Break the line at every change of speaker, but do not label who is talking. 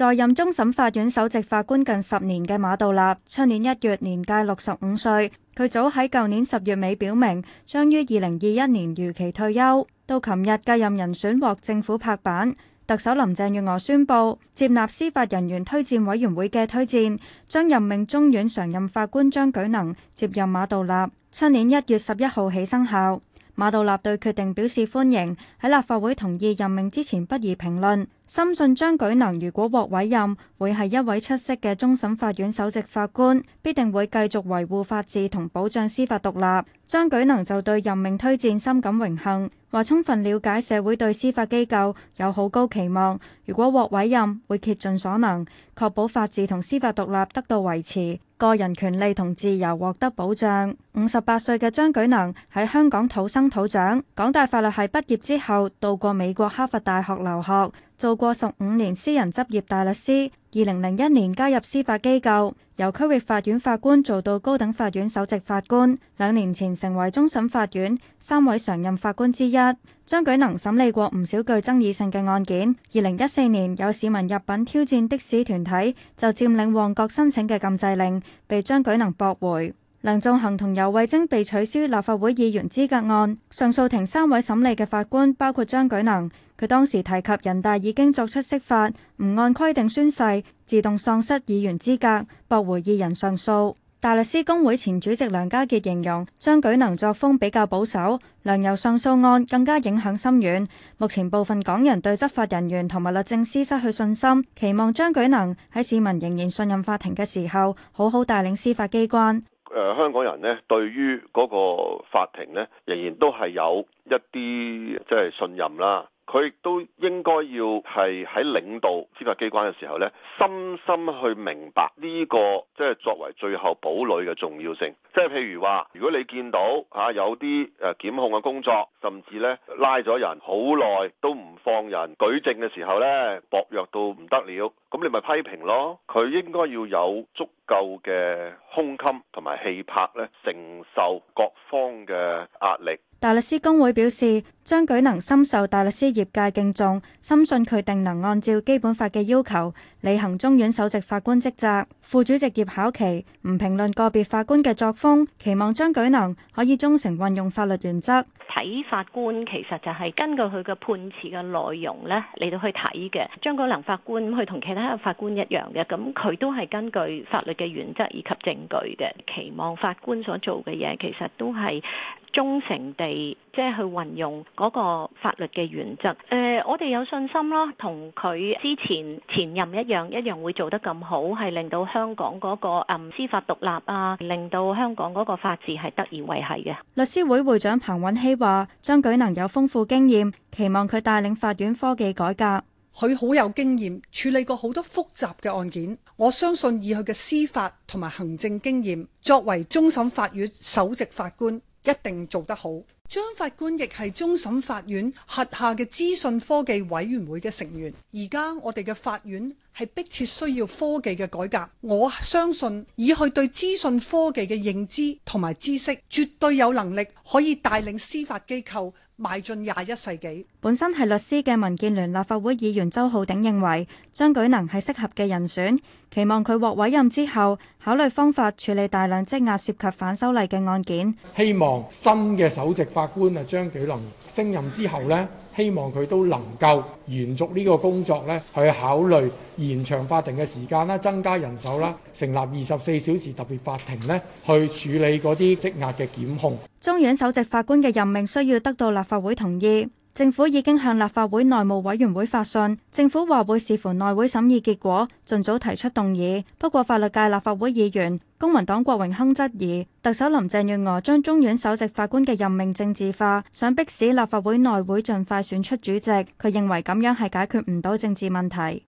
在任終審法院首席法官近十年嘅馬道立，出年一月年屆六十五歲。佢早喺舊年十月尾表明，將於二零二一年如期退休。到琴日，繼任人選獲政府拍板，特首林鄭月娥宣布接納司法人員推薦委員會嘅推薦，將任命終院常任法官張舉能接任馬道立。出年一月十一號起生效。馬道立對決定表示歡迎，喺立法會同意任命之前不宜評論。深信張舉能如果獲委任，會係一位出色嘅終審法院首席法官，必定會繼續維護法治同保障司法獨立。張舉能就對任命推薦深感榮幸，話充分了解社會對司法機構有好高期望。如果獲委任，會竭盡所能確保法治同司法獨立得到維持，個人權利同自由獲得保障。五十八歲嘅張舉能喺香港土生土長，港大法律系畢業之後，到過美國哈佛大學留學。做過十五年私人執業大律師，二零零一年加入司法機構，由區域法院法官做到高等法院首席法官，兩年前成為終審法院三位常任法官之一。張舉能審理過唔少具爭議性嘅案件。二零一四年有市民入稟挑戰的士團體就佔領旺角申請嘅禁制令，被張舉能駁回。梁頌恆同游蕙禎被取消立法會議員資格案，上訴庭三位審理嘅法官包括張舉能，佢當時提及人大已經作出釋法，唔按規定宣誓自動喪失議員資格，駁回二人上訴。大律師公會前主席梁家傑形容張舉能作風比較保守，梁游上訴案更加影響深遠。目前部分港人對執法人員同埋律政司失去信心，期望張舉能喺市民仍然信任法庭嘅時候，好好帶領司法機關。
誒、呃、香港人咧，對於嗰個法庭咧，仍然都係有一啲即係信任啦。佢亦都應該要係喺領導司法機關嘅時候咧，深深去明白呢、呢個即係作為最後堡壘嘅重要性。即係譬如話，如果你見到嚇、啊、有啲誒、呃、檢控嘅工作，甚至呢拉咗人好耐都唔放人，舉證嘅時候呢薄弱到唔得了，咁你咪批評咯。佢應該要有足。夠嘅胸襟同埋氣魄嚟，承受各方嘅壓力。
大律師公會表示，張舉能深受大律師業界敬重，深信佢定能按照基本法嘅要求，履行終院首席法官職責。副主席葉巧琪唔評論個別法官嘅作風，期望張舉能可以忠誠運用法律原則。睇法官其實
就係根據佢嘅判詞嘅內容咧嚟到去睇嘅，張舉能法官去同其他嘅法官一樣嘅，咁佢都係根據法律嘅原則以及證據嘅，期望法官所做嘅嘢其實都係忠誠地即係去運用嗰個法律嘅原則誒、呃，我哋有信心咯，同佢之前前任一樣一樣會做得咁好，係令到香港嗰個誒司法獨立啊，令到香港嗰個法治係得以維繫嘅。
律師會會長彭韻僖話張舉能有豐富經驗，期望佢帶領法院科技改革。佢好有經驗處理過好
多複雜嘅案件。我相信以佢嘅司法同埋行政經驗作為終審法院首席法官，一定做得好。張法官亦係終審法院轄下嘅資訊科技委員會嘅成員。而家我哋嘅法院係迫切需要科技嘅改革。我相信以佢對資訊科技嘅認知同埋知識，絕對有能力可以帶領司法機構邁進廿
一世紀。本身係律師嘅民建聯立法會議員周浩鼎認為，張舉能係適合嘅人選，期望佢獲委任之後，考慮方法處理大量積壓涉及反修例嘅案件。
希望新嘅首席法法官啊，張舉能升任之後咧，希望佢都能夠延續呢個工作咧，去考慮延長法庭嘅時間啦，增加人手啦，成立二十四小時特別法庭咧，去處理嗰啲積壓嘅檢控。
終院首席法官嘅任命需要得到立法會同意。政府已經向立法會內務委員會發信，政府話會視乎內會審議結果，盡早提出動議。不過法律界立法會議員公民黨郭榮鏗質疑，特首林鄭月娥將終院首席法官嘅任命政治化，想迫使立法會內會盡快選出主席，佢認為咁樣係解決唔到政治問題。